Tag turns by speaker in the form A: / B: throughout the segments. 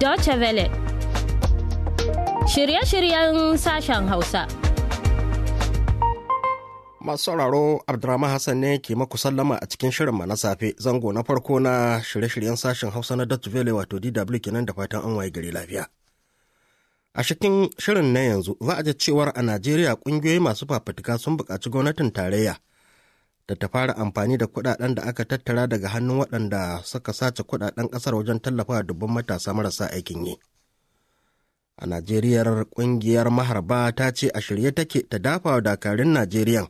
A: Deutsche Welle Shirye-shiryen sashen Hausa
B: Masu sauraro Abdurrahman Hassan ne ke maku sallama a cikin shirin na safe zango na farko na shirye-shiryen sashen Hausa na Deutsche Welle wato DW kenan da fatan an waye gari lafiya. A cikin shirin na yanzu za a ji cewar a Najeriya kungiyoyi masu fafatika sun buƙaci gwamnatin tarayya da ta fara amfani da kudaden da aka tattara daga hannun waɗanda suka sace kudaden ƙasar wajen tallafawa dubban matasa marasa aikin yi. A Najeriyar ƙungiyar maharba ta ce a shirye take ta dafa dakarun Najeriyan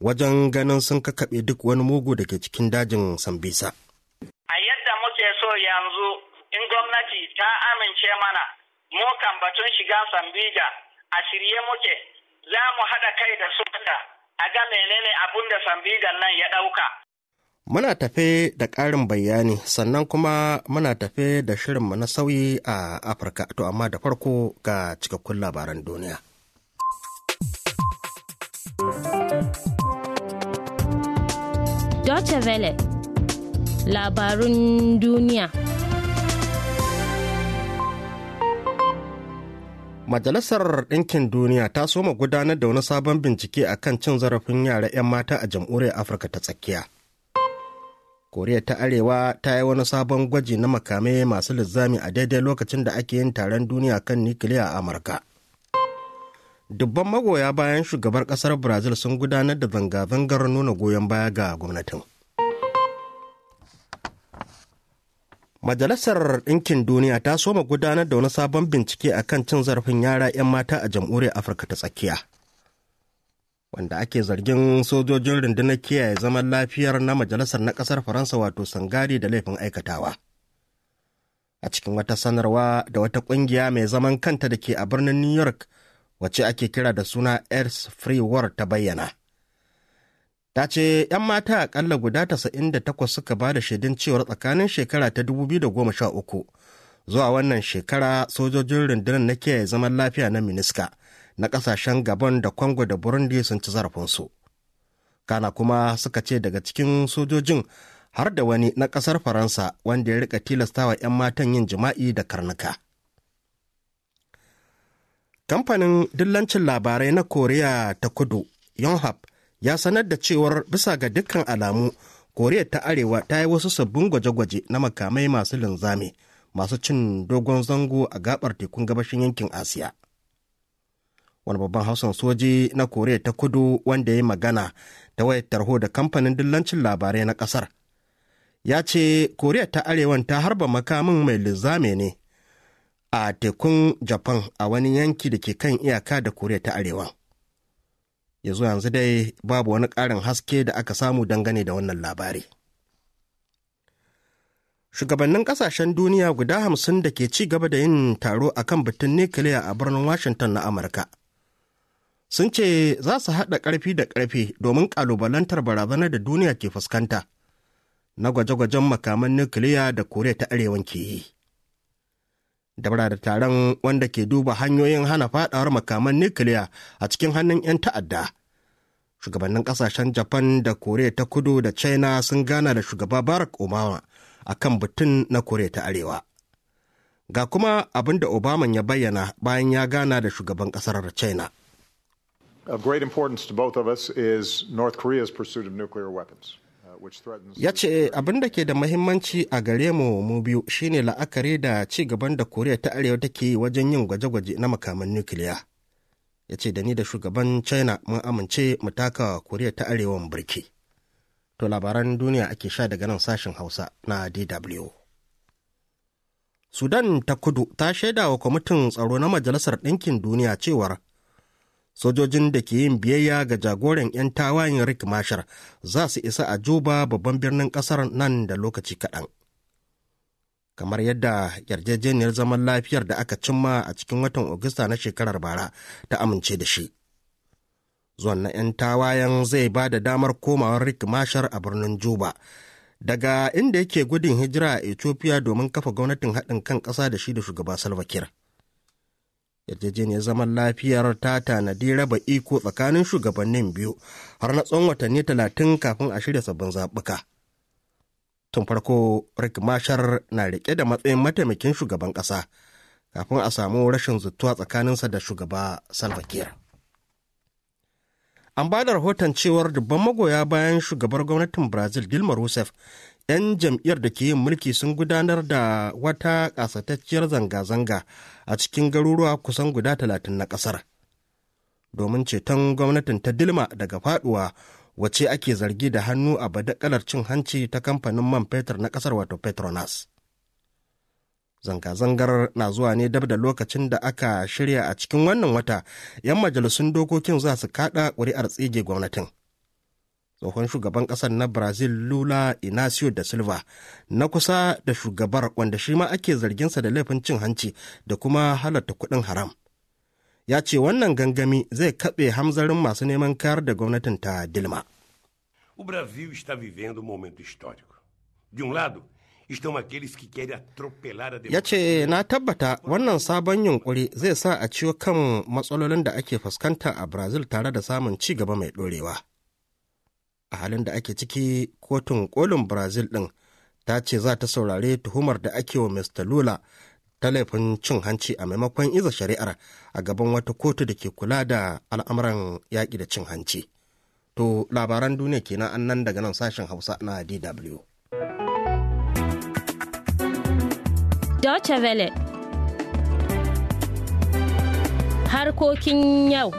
B: wajen ganin sun kakaɓe duk wani mugu da ke cikin dajin Sambisa.
C: A yadda muke so yanzu in gwamnati ta amince mana mu kan batun shiga Sambija a shirye muke za mu haɗa kai da su a ga menene abun da sambigan nan ya ɗauka.
B: Muna tafe da ƙarin bayani sannan kuma muna tafe da shirinmu na sauyi a Afirka to amma da farko ga cikakkun labaran duniya.
A: Deutsche Welle labarun duniya.
B: Majalisar Ɗinkin Duniya ta soma gudanar da wani sabon bincike a kan cin zarafin yara 'yan mata a jamhuriyar Afirka ta tsakiya. Koriya ta Arewa ta yi wani sabon gwaji na makamai masu lizzami a daidai lokacin da ake yin taron duniya kan nikiliya a Amurka. Dubban magoya bayan shugabar ƙasar Brazil sun gudanar da zanga-zangar nuna goyon baya ga gwamnatin. Majalisar Ɗinkin Duniya ta soma gudanar da wani sabon bincike a kan cin zarafin yara 'yan mata a jamhuriyar Afirka ta tsakiya. Wanda ake zargin sojojin rundunar kiyaye zaman lafiyar na majalisar na ƙasar Faransa wato Sangari da laifin aikatawa. A cikin wata sanarwa da wata ƙungiya mai zaman kanta da ke a birnin New York wacce ake kira da suna Earth Free World ta bayyana. ta ce 'yan mata a ƙalla guda da 98 suka ba da shaidun cewar tsakanin shekara ta uku zuwa wannan shekara sojojin rundunar na kiyaye zaman lafiya na miniska na kasashen gabon da congo da burundi sun ci zarafinsu kana kuma suka ce daga cikin sojojin har da wani na ƙasar faransa wanda ya rika tilastawa 'yan matan yin jima'i da karnuka kamfanin dillancin labarai na koreya ta kudu yonhap ya sanar da cewar bisa ga dukkan alamu koriya ta arewa ta yi wasu sabbin gwaje-gwaje na makamai masu linzami masu cin dogon zango a gabar tekun gabashin yankin asiya wani babban hausan soji na koriya ta kudu wanda ya magana ta wayar tarho da kamfanin dillancin labarai na kasar ya ce koriya ta arewan ta harba makamin mai linzami ne a tekun japan a wani yanki da ke kan iyaka da koriya ta arewan ya zo yanzu dai babu wani ƙarin haske da aka samu dangane da wannan labari. Shugabannin ƙasashen duniya guda hamsin da ke ci gaba da yin taro a kan batun nukiliya a birnin Washington na Amurka. Sun ce za su haɗa ƙarfi da ƙarfi domin ƙalubalantar barazanar da duniya ke fuskanta na gwaje-gwajen makaman nukiliya da Koriya ta Arewan ke yi. bara da taron wanda ke duba hanyoyin hana fadawar makaman nukiliya a cikin hannun 'yan ta'adda shugabannin kasashen japan da koriya ta kudu da china sun gana da shugaba barack obama a kan batun na koriya ta arewa ga kuma abin da obama ya bayyana bayan ya gana da shugaban kasar china
D: Of great
E: importance to both of us is North Korea's pursuit of nuclear weapons. ya
B: ce abin da ke da mahimmanci a gare mu mu biyu shine la'akari da ci gaban da koriya ta arewa take yi wajen yin gwaje-gwaje na makaman nukiliya ya ce da ni da shugaban china mun amince mu taka koriya ta Arewa birki to labaran duniya ake sha daga nan sashen hausa na dw sudan ta kudu ta shaida wa kwamitin tsaro na majalisar ɗinkin duniya cewar sojojin da ke yin biyayya ga jagoran 'yan tawayen Rick Mashar za su isa a Juba babban birnin ƙasar nan da lokaci kaɗan. Kamar yadda yarjejeniyar zaman lafiyar da aka cimma a cikin watan Agusta na shekarar bara ta amince da shi. Zuwan na 'yan tawayen zai ba da damar komawar Rick Mashar a birnin Juba. Daga inda yake gudun hijira a Ethiopia domin kafa gwamnatin haɗin kan ƙasa da shi da shugaba Salva Kiir. yarjejeniyar zaman lafiyar ta tanadi raba iko tsakanin shugabannin biyu har na tsawon watanni talatin kafin a shirya sabbin zaɓuka tun farko rick mashar na rike da matsayin mataimakin shugaban ƙasa kafin a samu rashin zutuwa tsakaninsa da shugaba salva an ba da rahoton cewar dubban magoya bayan shugabar gwamnatin brazil dilma rousseff 'yan jam'iyyar da ke yin mulki sun gudanar da wata ƙasatacciyar zanga-zanga a cikin garuruwa kusan guda talatin na ƙasar domin ceton gwamnatin ta dilma daga faduwa wace ake zargi da hannu a badakalar cin hanci ta kamfanin man fetur na ƙasar wato petronas zanga-zangar na zuwa ne dab da lokacin da aka shirya a cikin wannan wata 'yan majalisun dokokin za su kaɗa ƙuri'ar tsige gwamnatin. tsohon shugaban ƙasar na brazil lula inacio da silva na kusa da shugabar wanda shi ma ake zarginsa da laifin cin hanci da kuma halarta kuɗin haram ya ce wannan gangami zai katse hamzarin masu neman kayar da gwamnatin ta dilma
F: O Brasil um um
B: na tabbata wannan sabon yunkuri zai sa a ciwo kan matsalolin da ake fuskanta a Brazil tare da samun ci gaba mai ɗorewa. a halin da ake ciki kotun kolin brazil ɗin ta ce za ta saurare tuhumar da ake wa mr lula ta laifin cin hanci a maimakon iza shari'ar a gaban wata kotu da ke kula da al'amuran yaƙi da cin hanci to labaran duniya kenan annan nan daga nan sashen hausa na dw
A: Deutsche Welle harkokin yau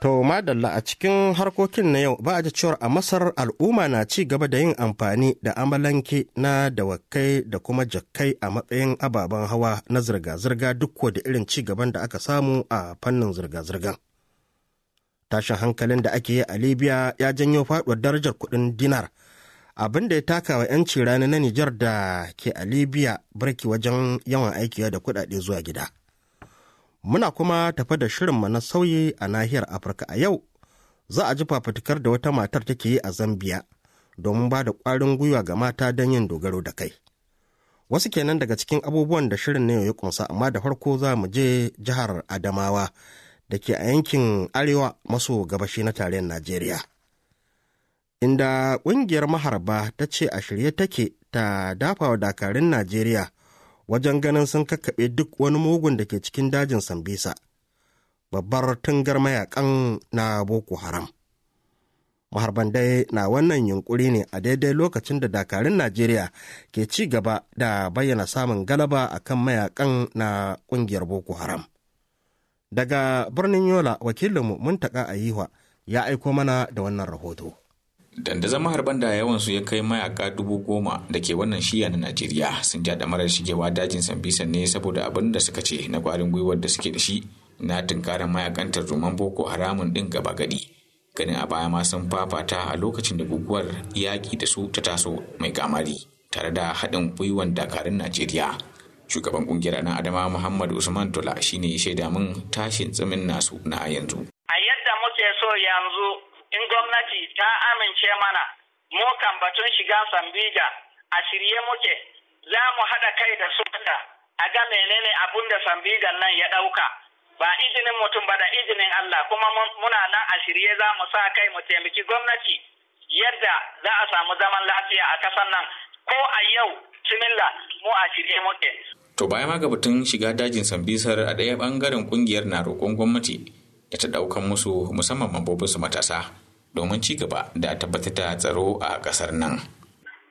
B: To madalla a cikin harkokin na yau ba a ji cewar a Masar al'umma na ci gaba da yin amfani da amalanke na dawakai da kuma jakkai a matsayin ababen hawa na zirga-zirga duk da irin ci gaban da aka samu a fannin zirga-zirgan. Tashin hankalin da ake yi a Libya ya janyo faɗuwar darajar kuɗin dinar. Abin da ya taka wa 'yanci rana na Nijar da ke a Libya barki wajen yawan aiki da kuɗaɗe zuwa gida. Muna kuma tafa da shirinmu na sauyi a nahiyar Afirka a yau. Za a ji fafutukar da wata matar take yi a Zambiya domin ba da ƙwarin gwiwa ga mata don yin dogaro da kai. Wasu kenan daga cikin abubuwan da shirin na ya kunsa amma da farko za mu je jihar Adamawa da ke a yankin arewa maso gabashi na tarayyar Najeriya. Inda ƙungiyar maharba ta ce a shirye take ta dafa wa dakarun Najeriya wajen ganin sun kakkaɓe duk wani mugun da ke cikin dajin Sambisa, babbar tungar mayakan na Boko Haram. Maharban dai na wannan yunkuri ne a daidai lokacin da dakarun Najeriya ke ci gaba da bayyana samun galaba a kan mayakan na ƙungiyar Boko Haram. Daga birnin Yola, wakilinmu Muntaka Ayiwa ya aiko mana da wannan rahoto.
G: dandazon maharban da yawan su ya kai mayaka dubu goma da ke wannan shiya na najeriya sun ja damarar shigewa dajin sambisan ne saboda abin da suka ce na kwarin gwiwar da suke da shi na tunkarar mayakan tarzoman boko haramun din gaba gadi ganin a baya ma sun fafata a lokacin da guguwar yaƙi da su ta taso mai kamari tare da haɗin gwiwar dakarun najeriya shugaban ƙungiyar nan adama muhammad usman tola shine ya shaida min tashin tsimin nasu na yanzu
C: gwamnati ta amince mana mu kan batun shiga sambija a shirye muke za mu haɗa kai da su a ga menene abun da sambijan nan ya ɗauka ba izinin mutum ba da izinin Allah kuma muna nan a shirye za mu sa kai mu taimaki gwamnati yadda za a samu zaman lafiya a ƙasar nan ko a yau similla mu a shirye muke.
G: To bayan ma ga batun shiga dajin sambisar a ɗaya ɓangaren ƙungiyar na roƙon gwamnati da ta ɗaukan musu musamman mambobinsu matasa domin ci gaba da tabbatar da tsaro a ƙasar nan.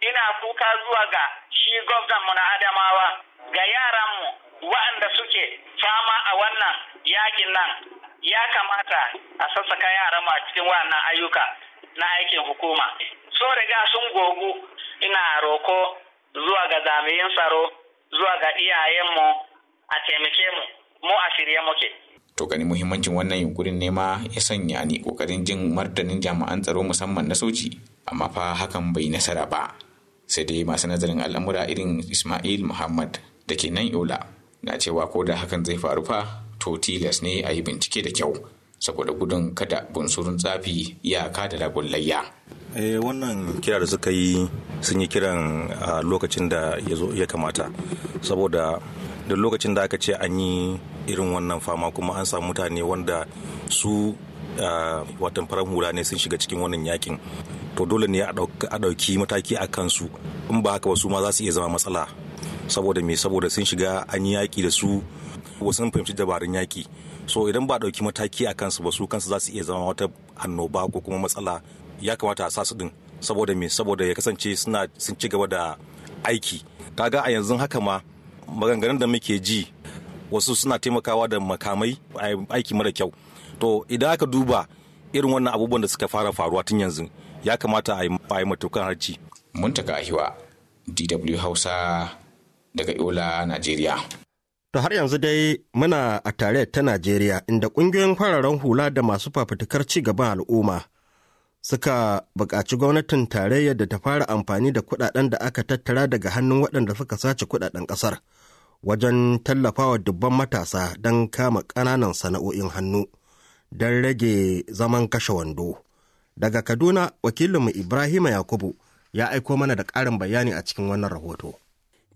C: Ina kuka zuwa ga shi mu na Adamawa ga yaranmu waɗanda suke fama a wannan yakin nan ya kamata a sassaka yaranmu a cikin wannan ayyuka na aikin hukuma. So riga sun gogu ina roko zuwa ga jami'in tsaro zuwa ga iyayenmu a taimake mu mu a shirye
G: muke. to gani muhimmancin wannan yunkurin nema ya sanya ni kokarin jin martanin jami'an tsaro musamman na soji amma fa hakan bai nasara ba sai dai masu nazarin al'amura irin ismail muhammad da ke nan yola na cewa ko da hakan zai faru fa to tilas ne a yi bincike da kyau saboda gudun kada bunsurun tsafi iyaka da ragon layya.
F: Eh, wannan kira da suka yi sun yi kiran a lokacin da ya kamata saboda da lokacin da aka ce an yi irin wannan fama kuma an samu mutane wanda su watan farar hula ne sun shiga cikin wannan yakin to dole ne a ɗauki mataki a kansu in ba haka ba su ma za su iya zama matsala saboda me saboda sun shiga an yi yaƙi da su wasu fahimci dabarun yaki so idan ba ɗauki mataki a kansu ba su kansu za su iya zama wata annoba ko kuma matsala ya kamata a sa su din saboda me saboda ya kasance suna sun ci gaba da aiki kaga a yanzu haka ma maganganun da muke ji wasu suna taimakawa da makamai aiki mara kyau to idan aka duba irin
G: wannan abubuwan da suka fara faruwa tun yanzu ya kamata a yi matukan harci muntaka ahiwa dw hausa daga yola nigeria
B: To har yanzu dai muna a tare ta Najeriya inda ƙungiyoyin fararen hula da masu fafutukar ci gaban al'umma suka buƙaci gwamnatin tarayyar da ta fara amfani da kuɗaɗen da aka tattara daga hannun waɗanda suka sace kuɗaɗen ƙasar wajen tallafawa dubban matasa don kama ƙananan sana'o'in hannu don rage zaman kashe wando. Daga Kaduna, wakilinmu Ibrahima Yakubu ya aiko mana da ƙarin
D: bayani a cikin wannan rahoto.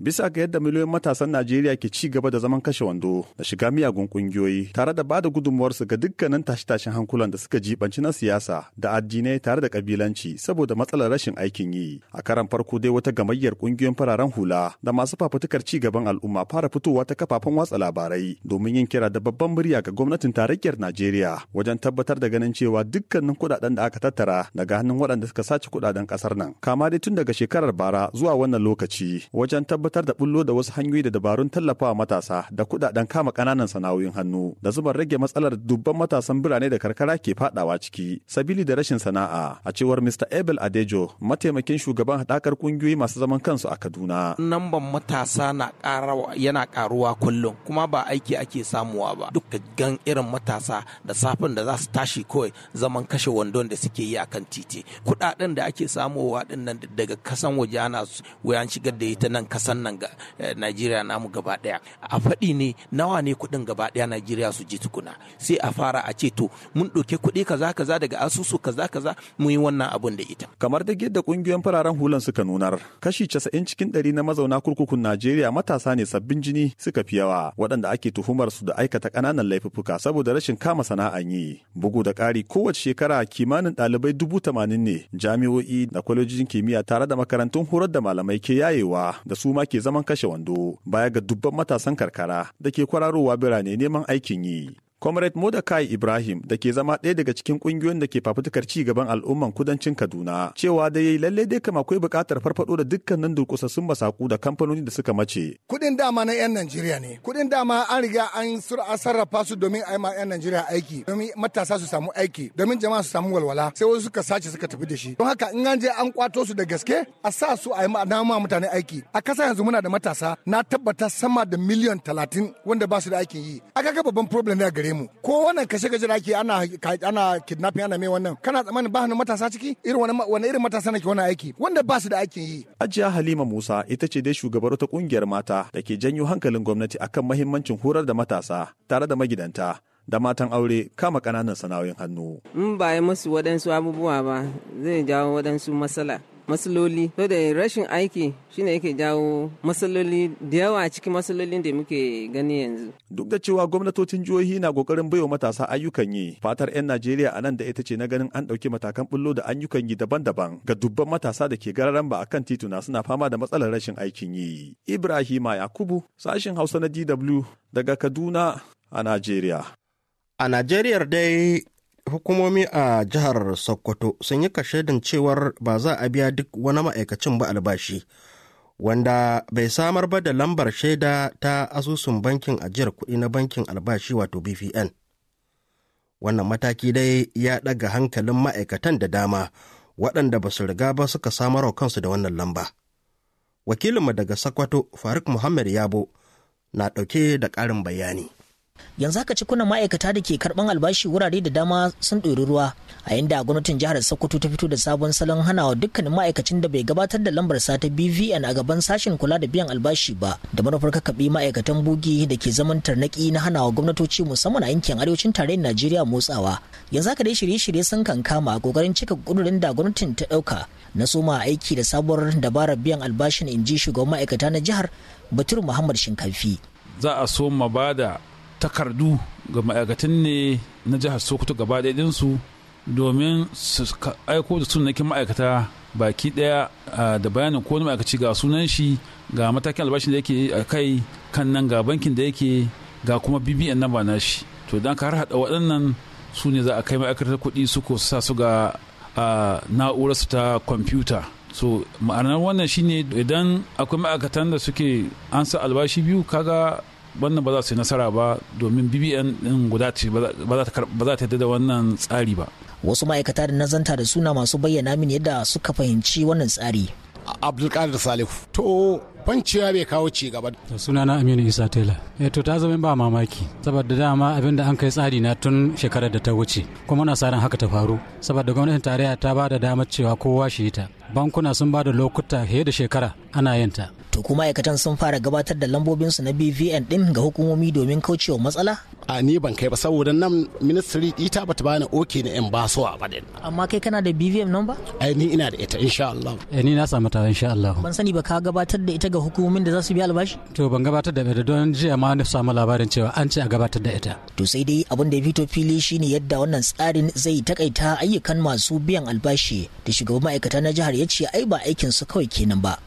D: bisa ga yadda miliyoyin matasan Najeriya ke ci gaba da zaman kashe wando da shiga miyagun kungiyoyi tare da bada gudunmuwarsu ga dukkanin tashe-tashen hankulan da suka jibanci na siyasa da addinai tare da kabilanci saboda matsalar rashin aikin yi. A karan farko dai wata gamayyar kungiyoyin fararen hula da masu fafutukar ci gaban al'umma fara fitowa ta kafafen watsa labarai domin yin kira da babban murya ga gwamnatin tarayyar Najeriya wajen tabbatar da ganin cewa dukkanin kuɗaɗen da aka tattara daga hannun waɗanda suka sace kuɗaɗen ƙasar nan. Kama dai tun daga shekarar bara zuwa wannan lokaci wajen tabbatar tabbatar da bullo da wasu hanyoyi da dabarun tallafawa matasa da kudaden kama kananan sana'o'in hannu da zubar rage matsalar dubban matasan birane da karkara ke fadawa ciki sabili da rashin sana'a a cewar Mr. Abel Adejo mataimakin shugaban hadakar kungiyoyi masu zaman kansu a Kaduna.
F: Namban matasa na yana karuwa kullum kuma ba aiki ake samuwa ba duk gan irin matasa da safin da za su tashi kawai zaman kashe wandon da suke yi akan titi kudaden da ake samuwa dinnan daga kasan waje ana wayan shigar da ita nan kasa. kasan nan ga eh, Najeriya namu gaba daya a faɗi ne nawa
D: ne kuɗin gaba daya Najeriya su ji tukuna sai a fara a ce to mun ɗauke kuɗi kaza kaza daga asusu kaza kaza mu yi wannan abun da ita kamar da yadda kungiyoyin fararen hulan suka nunar kashi 90 cikin 100 na mazauna kurkukun Najeriya matasa ne sabbin jini suka fi yawa waɗanda ake tuhumar su da aikata ƙananan laifuffuka saboda rashin kama sana'an yi bugu da ƙari kowace shekara kimanin ɗalibai dubu tamanin ne jami'o'i da kwalejin kimiyya tare da makarantun horar da malamai ke yayewa da su ma ke zaman kashe wando baya ga dubban matasan karkara da ke kwararowa birane neman aikin yi Comrade Mordecai Ibrahim da ke zama ɗaya daga cikin ƙungiyoyin da ke fafutukar ci gaban al'umman kudancin Kaduna cewa da yayi lalle dai kama akwai buƙatar farfado da dukkanin durƙusassun masaku da kamfanoni da suka mace.
C: Kuɗin dama na 'yan Najeriya ne. Kuɗin dama an
E: riga an sarrafa su domin a yi ma 'yan Najeriya aiki, domin matasa su samu aiki, domin jama'a su samu walwala. Sai wasu suka sace suka tafi da shi. Don haka in an je an kwato su da gaske, a sa su a yi ma mutane aiki. A kasa yanzu muna da matasa na tabbata sama da miliyan talatin wanda ba su da aikin yi. A ga babban problem ne a gare mu ko wannan kashe gaje da ake ana ana kidnapping ana mai wannan kana tsammanin ba hannun matasa ciki irin wani wani irin matasa nake wannan aiki wanda ba su da aikin yi
D: ajiya halima musa ita ce dai shugabar wata kungiyar mata da ke janyo hankalin gwamnati akan mahimmancin horar da matasa tare da magidanta da matan aure kama kananan sana'o'in hannu.
A: In ba yi musu waɗansu abubuwa ba zai jawo waɗansu matsala. matsaloli so da rashin aiki shine yake jawo matsaloli da yawa a cikin matsalolin da muke gani yanzu
D: duk da cewa gwamnatocin jihohi na kokarin baiwa matasa ayyukan yi fatar 'yan najeriya a nan da ita ce na ganin an ɗauki matakan bullo da ayyukan yi daban-daban ga dubban matasa da ke gararan ba akan tituna suna fama da matsalar rashin aikin yi ibrahima yakubu sashin hausa na dw daga kaduna a najeriya a najeriyar dai hukumomi a
B: jihar sokoto sun yi kashedin cewar ba za a biya duk wani ma'aikacin ba albashi wanda bai samar ba da lambar shaida ta asusun bankin ajiyar kuɗi na bankin albashi wato bvn wannan mataki dai ya ɗaga hankalin ma'aikatan da dama waɗanda ba su riga ba suka samar wa kansu da wannan lamba wakilinmu daga sakwato faruk muhammad yabo na ɗauke da ƙarin bayani
A: yanzu haka cikunan ma'aikata da ke karban albashi wurare da dama sun ɗori ruwa a inda gwamnatin jihar sokoto ta fito da sabon salon hanawa dukkanin ma'aikacin da bai gabatar da lambar sa ta bvn a gaban sashen kula da biyan albashi ba da manufar kabi ma'aikatan bugi da ke zaman tarnaki na hana wa gwamnatoci musamman a yankin arewacin tarayyar najeriya motsawa yanzu haka dai shirye-shirye sun kankama a kokarin cika kudurin da gwamnatin ta ɗauka na soma aiki da sabuwar dabarar biyan albashin in ji shugaban ma'aikata na jihar batur muhammad shinkafi
H: za a soma bada takardu ga ma'aikatan ne na jihar sokoto gaba su domin su aiko da sunanakin ma'aikata baki ɗaya da bayanin ko wani ma'aikaci ga sunan shi ga matakin albashin da yake a kai kan nan ga bankin da yake ga kuma bbn na bana shi to idan ka har haɗa waɗannan su ne za a kai ma'aikatar kuɗi su ko sa su ga na'urar su ta kwamfuta so ma'anar wannan shine idan akwai ma'aikatan da suke an sa albashi biyu kaga wannan ba za su yi nasara ba domin bbn din guda ce ba za ta yadda da wannan tsari ba wasu
A: ma'aikata da nazanta da suna masu bayyana min yadda suka fahimci wannan tsari abdulkadir
E: salihu to kwanciya bai kawo ci gaba. da
A: suna na aminu isa tela eh to ta zama ba
E: mamaki saboda dama abin da an kai tsari na tun shekarar da ta wuce kuma na sa haka ta faru saboda gwamnatin tarayya ta ba da damar cewa kowa shi ta bankuna sun ba da lokuta fiye da shekara
A: ana yin ta to kuma ma'aikatan sun fara gabatar da lambobinsu na bvn din ga hukumomi domin kaucewa matsala a ni ban kai ba saboda nan ministry ita ba ta bani oke na in basuwa ba din amma kai kana da bvm number
E: ai ni ina da ita insha Allah eh ni na samu ta insha Allah
A: ban sani ba ka gabatar da ita ga hukumomin da za su biya albashi to ban gabatar da ita don jiya ma na samu labarin cewa an ce a gabatar da ita to sai dai abin da ya fito fili shine yadda wannan tsarin zai takaita ayyukan masu biyan albashi da shugaban ma'aikata na jihar jihar ya ce ai ba aikin su kawai kenan ba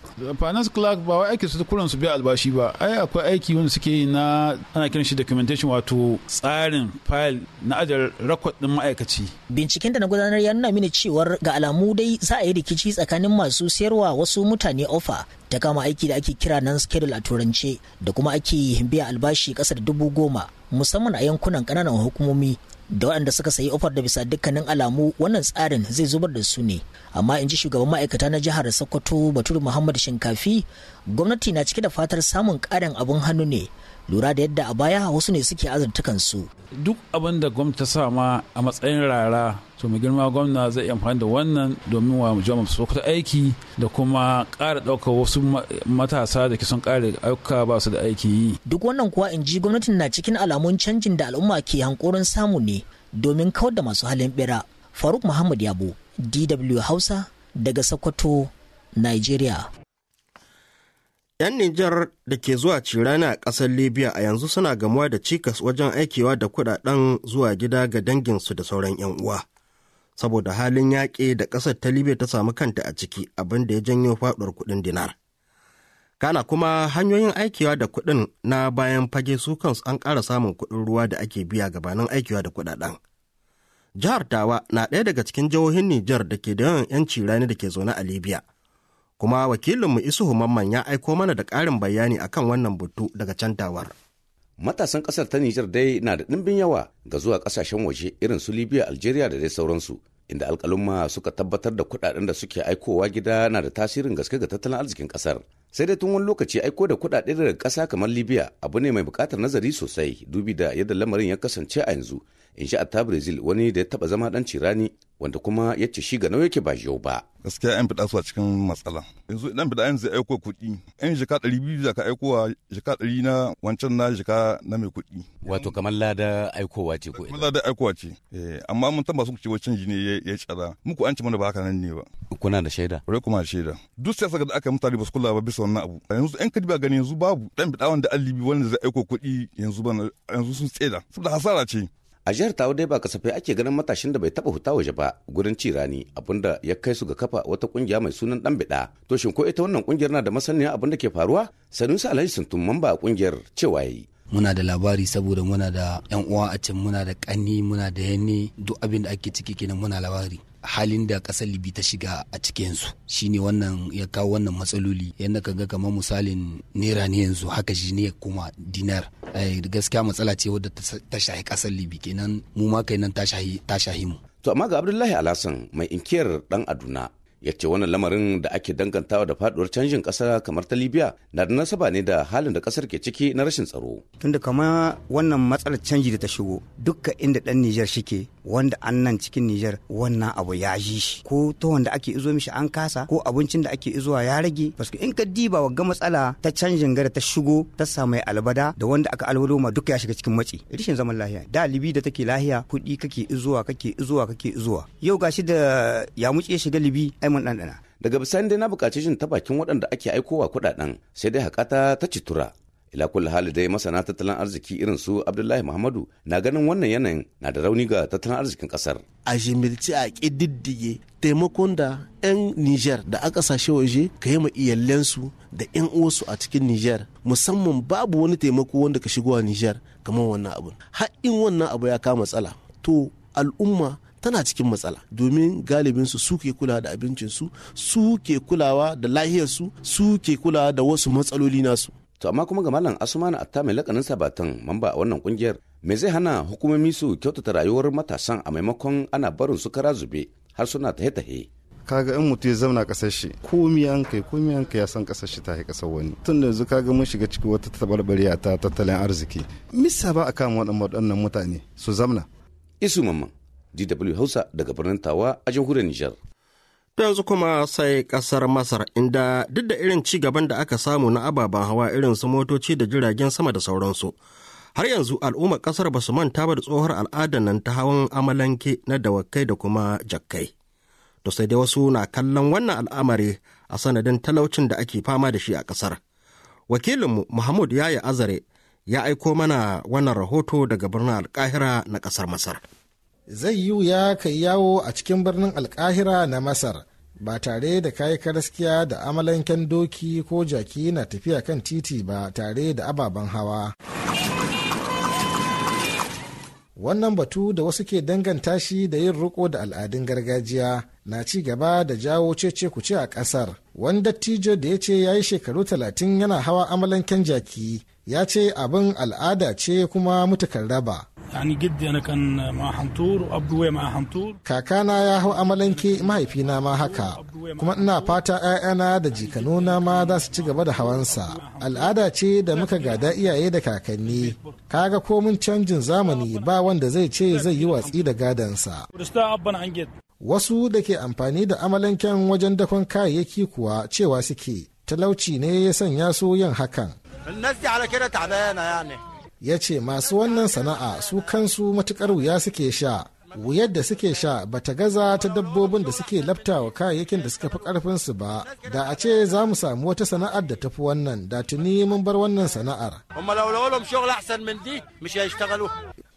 H: finance clerk ba wai aikin su kuran su biya albashi ba ai akwai aiki wanda suke yi na ana kiran shi documentation wato tsarin file na adar record din ma'aikaci binciken da na gudanar
A: ya nuna mini cewar ga alamu dai za a yi rikici tsakanin masu sayarwa wasu mutane ofa ta kama aiki da ake kira nan schedule a turance da kuma ake biya albashi kasa da dubu goma musamman a yankunan kananan hukumomi da waɗanda suka sayi ofar da bisa dukkanin alamu wannan tsarin zai zubar da su ne amma in ji shugaban ma'aikata na jihar sokoto baturu muhammad shinkafi gwamnati na cike da fatar samun ƙarin abin hannu ne lura da yadda a baya wasu ne suke azurta kansu
H: duk abin da gwamnati ta sa ma a matsayin rara to mai girma gwamna zai amfani da wannan domin wa jama'a su ta aiki da kuma ƙara ɗaukar wasu matasa da ke son ƙara ayyuka ba su da aiki yi duk wannan kuwa in ji gwamnatin na
A: cikin alamun canjin da al'umma ke hankorin samu ne domin kawar da masu halin bira faruk muhammad yabo dw hausa daga sokoto nigeria
B: 'Yan Nijar da ke zuwa cirana a ƙasar Libya a yanzu suna gamuwa da cikas wajen aikewa da kuɗaɗen zuwa gida ga danginsu da sauran 'yan uwa. Saboda halin yaƙi da ƙasar ta Libya ta samu kanta a ciki abin da ya janyo faɗuwar kuɗin dinar. Kana kuma hanyoyin aikewa da kuɗin na bayan fage su kansu an ƙara samun kuɗin ruwa da ake biya gabanin aikewa da kuɗaɗen. Jihar Tawa na ɗaya daga cikin jihohin Nijar da ke da yawan yan cirani da ke zaune a Libya. kuma wakilinmu isuhu mamman ya aiko mana da ƙarin bayani akan wannan butu daga cantawar.
F: matasan ƙasar ta nijar dai na da ɗimbin yawa ga zuwa ƙasashen waje irin su libya algeria da dai sauransu inda alƙalumma suka tabbatar da kuɗaɗen da suke aikowa gida na da tasirin gaske ga tattalin arzikin ƙasar sai dai tun wani lokaci aiko da kuɗaɗe daga ƙasa kamar libya abu ne mai buƙatar nazari sosai dubi da yadda lamarin ya kasance a yanzu in sha ta brazil wani da ya taɓa zama ɗan cirani wanda kuma ya ce shi ga nau yake ba yau ba. gaskiya yan fita su a cikin matsala
D: yanzu idan fida yanzu
F: aiko kuɗi yan jika ɗari biyu da ka wa jika ɗari na wancan na jika na mai kuɗi. wato kamar lada aikowa ce ko kamar lada aikowa ce eh, amma mun tabbata sun ce wancan ne ya mun muku an ci mana ba haka nan ne ba. kuna da shaida. rai kuma da shaida duk siyasa da aka yi mutane ba su kula ba bisa wannan abu yanzu yan ba gani yanzu babu dan bida wanda alibi wanda zai aiko kuɗi yanzu bana yanzu sun tseda saboda hasara ce a jihar tawo dai ba kasafai ake ganin matashin da bai taba huta waje ba gurin ci rani abinda ya kai su ga kafa wata kungiya mai sunan dan bida to shin ko ita wannan kungiyar na da masaniya abin da ke faruwa sanusi alhaji sun mamba a kungiyar cewa yayi
C: muna da labari saboda muna da yan uwa a can muna da kani muna da yanni duk abin da ake ciki kenan muna labari halin da kasar libi ta shiga a cikinsu shine wannan ya kawo wannan matsaloli yadda ka ga kamar misalin naira ne yanzu haka shi ne kuma dinar eh, gaskiya matsala ce wadda ta shahi kasar libi kenan mu ma kai nan ta shahi mu to amma ga abdullahi
F: alhassan mai inkiyar dan aduna ya ce wannan lamarin da ake dangantawa da faduwar canjin kasa kamar ta libya na da nasaba ne da halin da kasar ke ciki na rashin tsaro
B: tunda kama wannan
C: matsalar canji da ta shigo dukka inda dan nijar shike wanda an nan cikin nijar wannan abu ya ji shi ko ta wanda ake izo mishi an kasa ko abincin da ake izuwa ya rage paske in ka diba wa ga matsala ta canjin gada ta shigo ta samu albada da wanda aka albado ma duka ya shiga
B: cikin
F: matsi rishin zaman lahiya da libi da take lahiya kuɗi kake izuwa kake izuwa kake izuwa yau gashi da ya mutse shiga libi ɗanɗana daga bisani dai na buƙaci jin ta bakin waɗanda ake aikowa kuɗaɗen sai dai haƙata ta citura ila kulli hali dai masana tattalin arziki irin su abdullahi muhammadu na ganin wannan yanayin na da rauni ga tattalin arzikin kasar
B: a jimilci a ƙididdige taimakon da 'yan niger da aka sashe waje ka yi ma iyalensu da 'yan uwansu a cikin niger musamman babu wani taimako wanda ka shigo a niger kamar wannan abu har in wannan abu ya kama matsala to al'umma tana cikin matsala
F: domin galibin su suke kulawa da abincin su suke kulawa da lahiyar su suke kulawa da wasu matsaloli nasu to amma kuma ga malam asumana atta mai lakanin sabatan mamba a wannan kungiyar me zai hana hukumomi su kyautata rayuwar matasan a maimakon ana barin su kara zube har suna tahe-tahe kaga in mutum ya zauna kasar shi komi an kai komi an kai ya san kasar shi ta yi kasar wani tun da yanzu kaga mun shiga cikin wata tabarbariya ta tattalin arziki misa ba a kama waɗannan mutane su zamna isu mamman DW Hausa daga birnin Tawa a jamhuriyar Nijar.
B: yanzu kuma sai kasar Masar inda
F: duk da irin ci
B: gaban da aka samu na ababen hawa irin su motoci da jiragen sama da sauransu. Har yanzu al'ummar kasar basu manta ba da tsohar al'adar nan ta hawan amalanke na dawakai da kuma jakkai. To sai dai wasu na kallon wannan al'amari a sanadin talaucin da ake fama da shi a kasar. Wakilinmu Muhammad Yaya Azare ya aiko mana wannan rahoto daga birnin Alkahira na kasar Masar.
E: zai yi wuya ka yi yawo a cikin birnin alkahira na masar ba tare da kayi karaskiya da amalanken doki ko jaki na tafiya kan titi ba tare da ababen hawa wannan batu da wasu ke danganta shi da yin riko da al'adun gargajiya na ci gaba da jawo cece kuce a kasar wani dattijo da ya ce ya yi shekaru talatin yana hawa amalanken jaki ya ce abin al'ada ce kuma mutukar raba
I: yani gidi ana kan ma hantur ma
E: kakana ya hau amalanke mahaifina ma haka kuma ina fata 'ya'yana da jikanuna ma za su ci gaba da hawansa al'ada ce da muka gada iyaye da kakanni kaga komin canjin zamani ba wanda zai ce zai yi watsi da gadansa wasu da ke amfani da amalanken wajen dakon kayayyaki kuwa cewa suke talauci ne ya sanya su yin hakan ya ce masu wannan sana'a su kansu matukar wuya suke sha wuyar da suke sha ba ta gaza ta dabbobin da suke laftawa kayayyakin da suka fi karfinsu ba da a ce za mu samu wata sana'ar da tafi wannan da tuni mun bar wannan sana'ar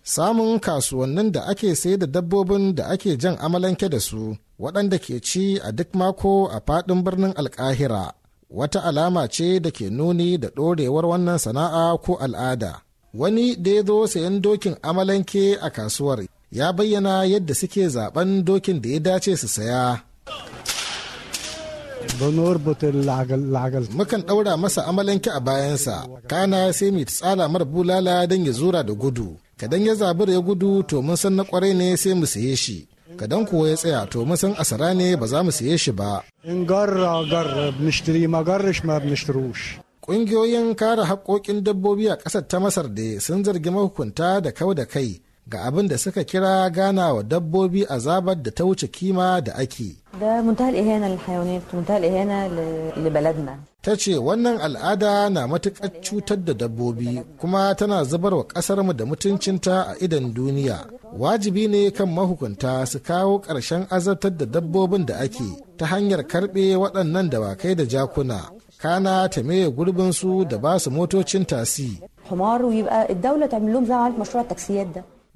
E: samun kasuwannin da ake sai da dabbobin da ake jan amalanke da su waɗanda ke ci a duk mako a faɗin birnin alkahira wata alama ce da ke nuni da ɗorewar wannan sana'a ko al'ada wani da ya zo sayan dokin amalanke a kasuwar ya bayyana yadda suke zaben dokin da ya dace su saya mukan ɗaura masa amalanke a bayansa kana sai mai tsala mara bulala don ya zura da gudu kadan ya zabura ya gudu to mun san na kwarai ne sai mu saye shi kadan kuwa ya tsaya to mun san asara ne ba za mu saye shi ba Ƙungiyoyin kare haƙoƙin dabbobi a ƙasar ta Masar da sun zargi mahukunta da kau da kai ga abin da suka kira gana wa dabbobi azabar da ta wuce kima da ake. Ta ce wannan al'ada na matuƙar cutar da dabbobi kuma tana zubar wa ƙasarmu da mutuncinta a idan duniya. Wajibi ne kan mahukunta su kawo ƙarshen azabtar da dabbobin da ake ta hanyar karɓe waɗannan dawakai da jakuna kana ta maye gurbin su da ba su motocin tasi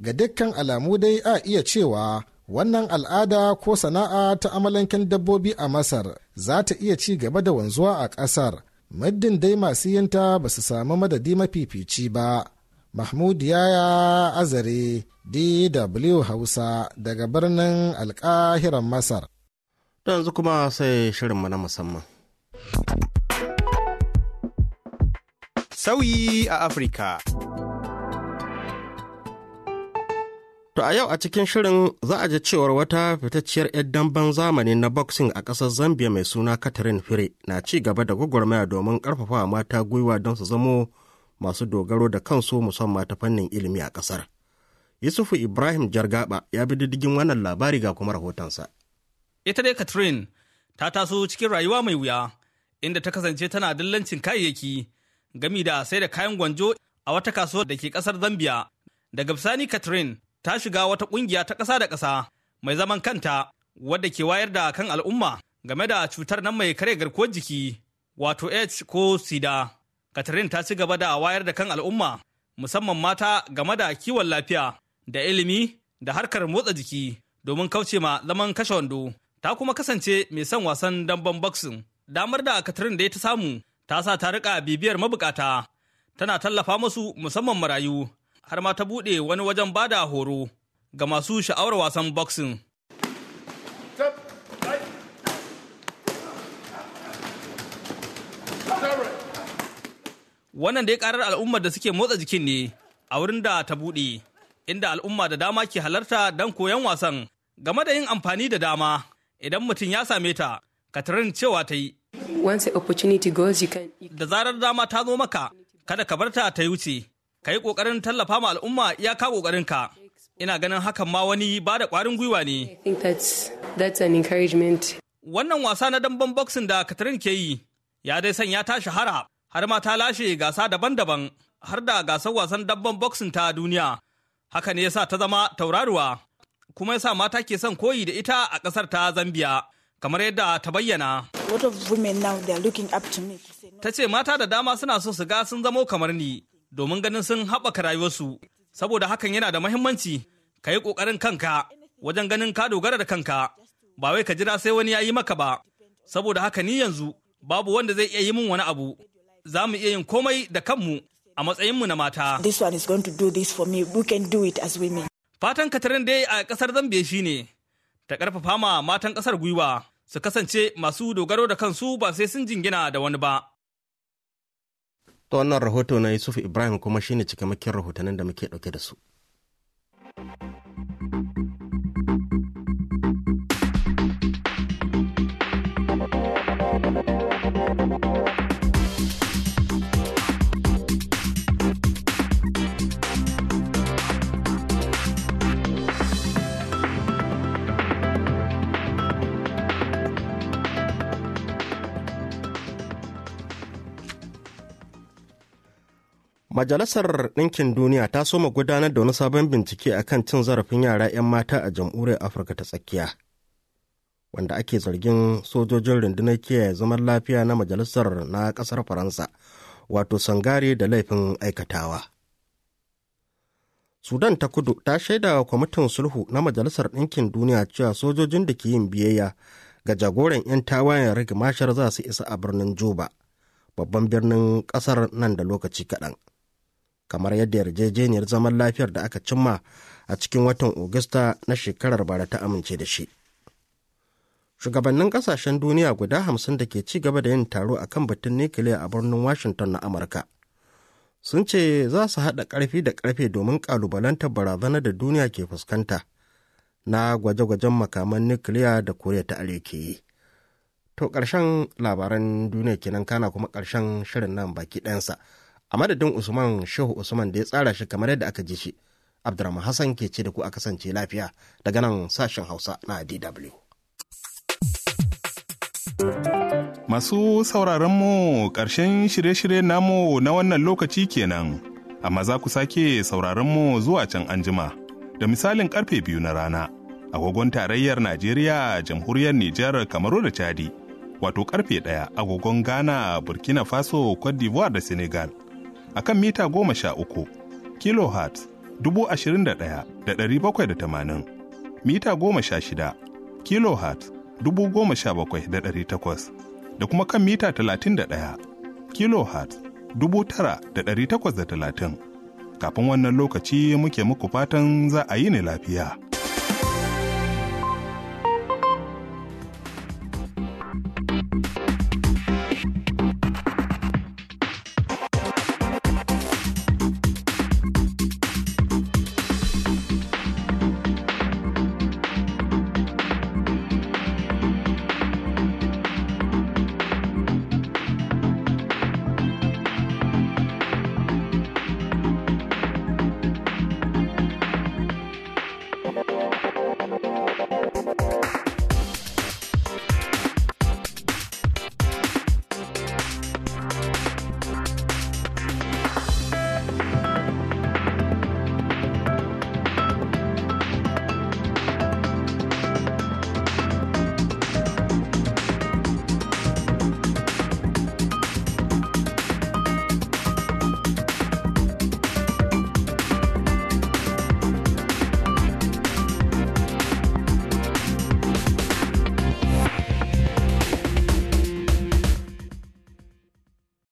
E: ga dukkan alamu dai a iya cewa wannan al'ada ko sana'a ta amalanken dabbobi a masar za ta iya ci gaba da wanzuwa a ƙasar muddin dai masu yinta ba su samu madadi mafifici ba mahmud yaya azare dw hausa daga birnin alƙahiran masar yanzu kuma
B: sai shirinmu na musamman Sauyi a Afirka. To a yau a cikin shirin za a ji cewar wata fitacciyar 'yar damben zamani na boxing a ƙasar Zambia mai suna Catherine Fire na ci gaba da gwagwarmaya domin ƙarfafa mata gwiwa don su zamo masu dogaro da kansu musamman ta fannin ilimi a ƙasar. Yusufu Ibrahim Jargaba ya bi diddigin wannan labari ga kuma rahotonsa.
I: Ita dai Catherine ta taso cikin rayuwa mai wuya inda ta kasance tana dillancin kayayyaki gami da sai da kayan gwanjo a wata kasuwar da ke kasar Zambia. Daga bisani Catherine ta shiga wata kungiya ta ƙasa da ƙasa mai zaman kanta wadda ke wayar da kan al'umma game da cutar nan mai kare garkuwar jiki wato H ko sida. Catherine ta ci gaba da wayar da kan al'umma musamman mata game da kiwon lafiya da ilimi da harkar motsa jiki domin kauce ma zaman kashe wando. Ta kuma kasance mai son wasan damben boxing. Damar da Catherine da ta samu ta sa ta riƙa bibiyar mabukata tana tallafa musu musamman marayu har ma ta buɗe wani wajen bada horo ga masu sha'awar wasan boxing. Wannan dai karar al'ummar da suke motsa jikin ne a wurin da ta buɗe, inda al'umma da dama ke halarta don koyon wasan game da yin amfani da dama idan mutum ya same ta, katirin cewa ta yi
C: once opportunity goes you
I: can da zarar dama ta zo maka kada ka barta ta wuce ka yi kokarin tallafa ma al'umma ka kokarin ka ina ganin hakan ma wani ba da kwarin gwiwa ne i think that's that's an encouragement wannan wasa na damben boxing da Catherine ke yi ya dai sanya ta shahara har ma ta lashe gasa daban-daban har da gasar wasan dabban boxing ta duniya haka ne yasa ta zama tauraruwa kuma yasa mata ke son koyi da ita a ƙasar ta Zambia kamar yadda ta bayyana. Ta ce mata da dama suna so su ga sun zamo kamar ni domin ganin sun haɓaka rayuwarsu saboda hakan yana da mahimmanci ka yi ƙoƙarin kanka wajen ganin ka dogara da kanka ba wai ka jira sai wani ya yi maka ba saboda haka ni yanzu babu wanda zai iya yi min wani abu za mu iya yin komai da kanmu a matsayinmu na mata. Fatan Katarin dai a ƙasar Zambia ne ta ƙarfafa ma matan ƙasar gwiwa su kasance masu dogaro da kansu ba sai sun jingina da wani ba.
B: wannan rahoto na Yusuf Ibrahim kuma shine makin rahotannin da muke dauke da
I: su. Thank you.
B: Majalisar Ɗinkin Duniya ta soma gudanar da wani sabon bincike a kan cin zarafin yara 'yan mata a jamhuriyar Afirka ta tsakiya, wanda ake zargin sojojin rundunar kiyaye zaman lafiya na majalisar na ƙasar Faransa, wato sangare da laifin aikatawa. Sudan ta kudu ta shaida wa kwamitin sulhu na Majalisar Ɗinkin Duniya cewa sojojin da ke yin biyayya ga jagoran 'yan tawayen rigimashar za su isa a birnin Juba, babban birnin ƙasar nan da lokaci kaɗan. kamar yadda yarjejeniyar zaman lafiyar da aka cimma a cikin watan Ogista na shekarar bara ta amince da shi. Shugabannin kasashen duniya guda hamsin da ke ci gaba da yin taro a kan batun nukiliya a birnin Washington na Amurka. Sun ce za su haɗa ƙarfi da ƙarfe domin ƙalubalantar barazana da duniya ke fuskanta na gwaje-gwajen makaman nukiliya da Koriya ta Arewa ke yi. To ƙarshen labaran duniya kenan kana kuma ƙarshen shirin nan baki ɗansa. a madadin usman shehu usman da ya tsara shi kamar yadda aka ji shi abdurrahman hassan ke ce da ku a kasance lafiya daga nan sashen hausa na dw
D: masu sauraron mu ƙarshen shirye-shirye namu na wannan lokaci kenan amma za ku sake sauraron mu zuwa can anjima da misalin karfe biyu na rana agogon tarayyar najeriya jamhuriyar nijar kamaru da chadi wato karfe ɗaya agogon ghana burkina faso cote d'ivoire da senegal a kan mita goma sha uku, kilohertz dubu ashirin da ɗaya da ɗari bakwai da tamanin, mita goma sha shida, kilohertz dubu goma sha bakwai da ɗari takwas, da kuma kan mita talatin da ɗaya, kilohertz dubu tara da ɗari takwas da talatin. Kafin wannan lokaci muke muku fatan za a yi ne lafiya.